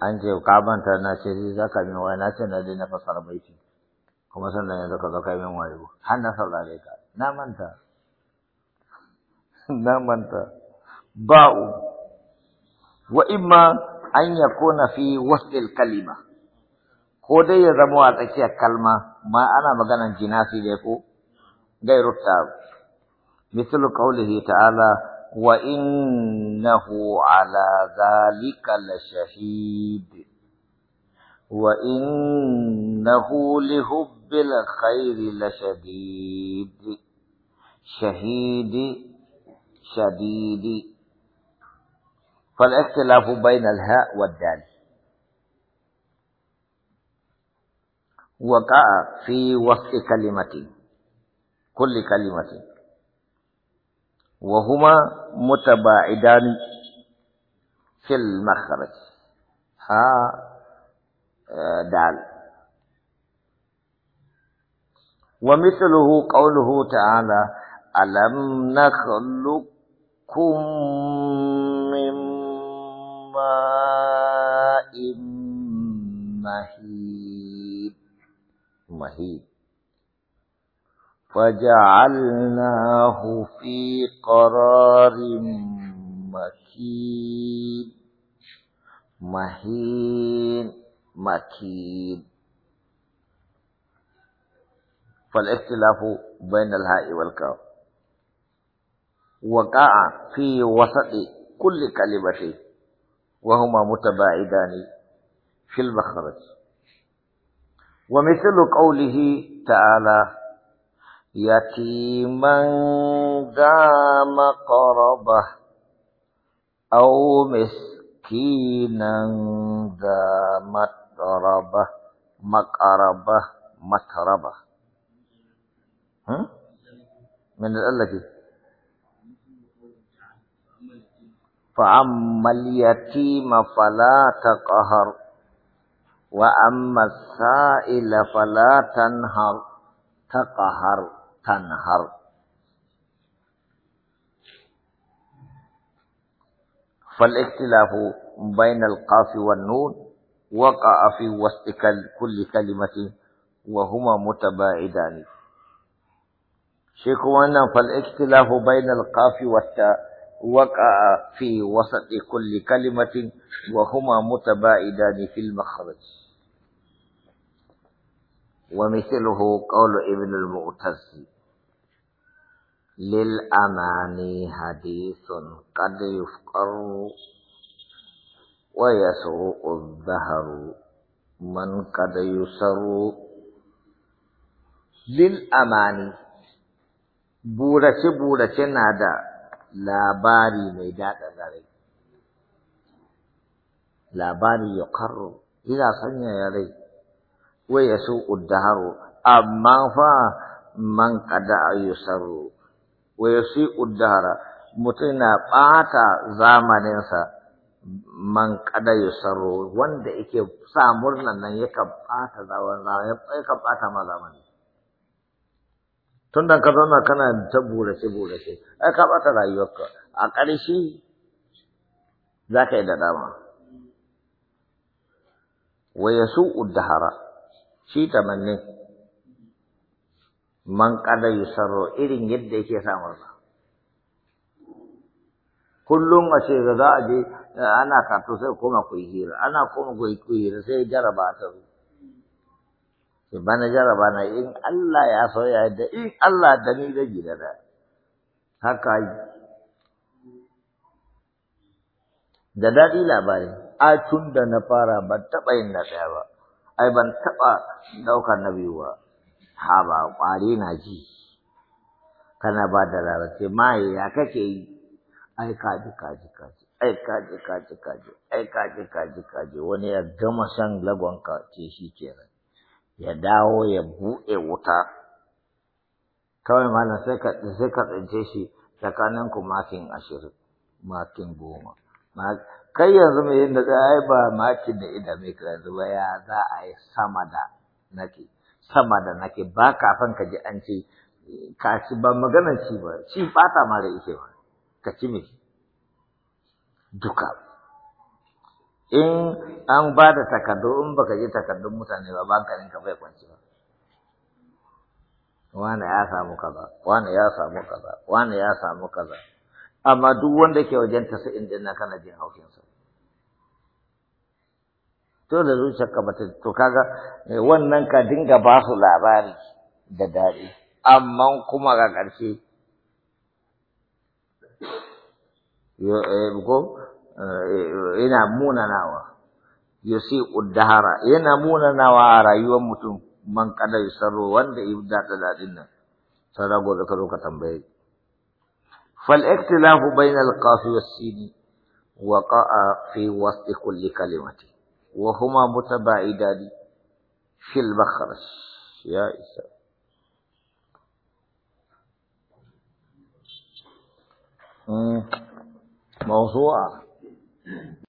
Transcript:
an ce ka manta na ce zai za ka min waya na ce na daina fasara baiti kuma sannan yanzu ka zo ka min wayo har na saurare ka na manta na manta ba'u wa imma an yakuna fi wasl kalima ko dai ya zama a tsakiyar kalma ma ana maganan jinasi dai ko gairu ta مثل قوله تعالى وإنه على ذلك لشهيد وإنه لحب الخير لشديد شهيد شديد فالاختلاف بين الهاء والدال وقع في وصف كلمة كل كلمة وهما متباعدان في المخرج ها آه، دال ومثله قوله تعالى ألم نخلقكم من ماء مهيب مهيب فجعلناه في قرار مكين مهين مكين فالاختلاف بين الهاء والكاف وقع في وسط كل كلمة وهما متباعدان في المخرج ومثل قوله تعالى يتيما ذا مقربة أو مسكينا ذا متربة مقربة متربة من الألة فأما اليتيم فلا تقهر وأما السائل فلا تنهر تقهر تنهر فالاختلاف بين القاف والنون وقع في وسط كل كلمة وهما متباعدان شيخ وانا فالاختلاف بين القاف والتاء وقع في وسط كل كلمة وهما متباعدان في المخرج ومثله قول ابن المعتز للأماني حديث قد يفقر ويسرق الدهر من قد يسر للأماني بورة بورة da labari mai daɗa rai labari ya karro ina sanyaya rai wai ya so amma fa man kada a yi wa yasi'u Uddara, mutum na ɓata zamaninsa man kada sarro wanda yake sa murnan nan yakan ɓata zaman yakan ɓata ma zamani Tunda ka zauna kana ta burace burace ai ka ɓata rayuwarka a ƙarshe za ka yi da dama wa yasu'u Uddara, shi tamanni man kada yusarro irin yadda yake sa kullum a ce za a je ana kato sai koma ku hira ana koma ku hira sai jaraba ta zo sai bana jaraba na in Allah ya so ya da in Allah da ni da gida da haka da daɗi labarin a tun na fara ban taɓa yin na ɗaya ba ai ban taɓa ɗaukar na biyu ba haba ƙwari na ji kana ba da larabci maye ya kake yi ai kaji kaji kaji ai kaji kaji kaji ai kaji kaji kaji wani ya gama shan lagon ka ce shi kenan ya dawo ya buɗe wuta kawai malam sai ka sai ka tsince shi tsakanin ku makin ashirin makin goma kai yanzu mai yin da ai ba makin da idan mai yanzu ba ya za a yi sama da nake sama da nake ba kafin ka ji an ce ka ci ba maganar ci ba ci fata ma da ike ba ka ci me duka in an ba da takardu in baka ji takardun mutane ba bankanin ka bai kwanci ba Wani ya samu kaza wani ya samu kaza wani ya samu kaza amma duk wanda ke wajen tasa'in inda na kana jin haukinsa dole zuciyarka ba ta to kaga eh, wannan ka dinga ba su labari da daɗi amma kuma ga ƙarshe eh, ko yana eh, munanawa yusi uddahara yana munanawa a rayuwar mutum man kada ya sarro wanda ya daɗa daɗin nan sai rago da karo ka tambaye fal ikhtilafu bainal qafi was sini waqa'a fi wasti kulli kalimati وهما متباعدان في المخرج يا إسحاق موضوع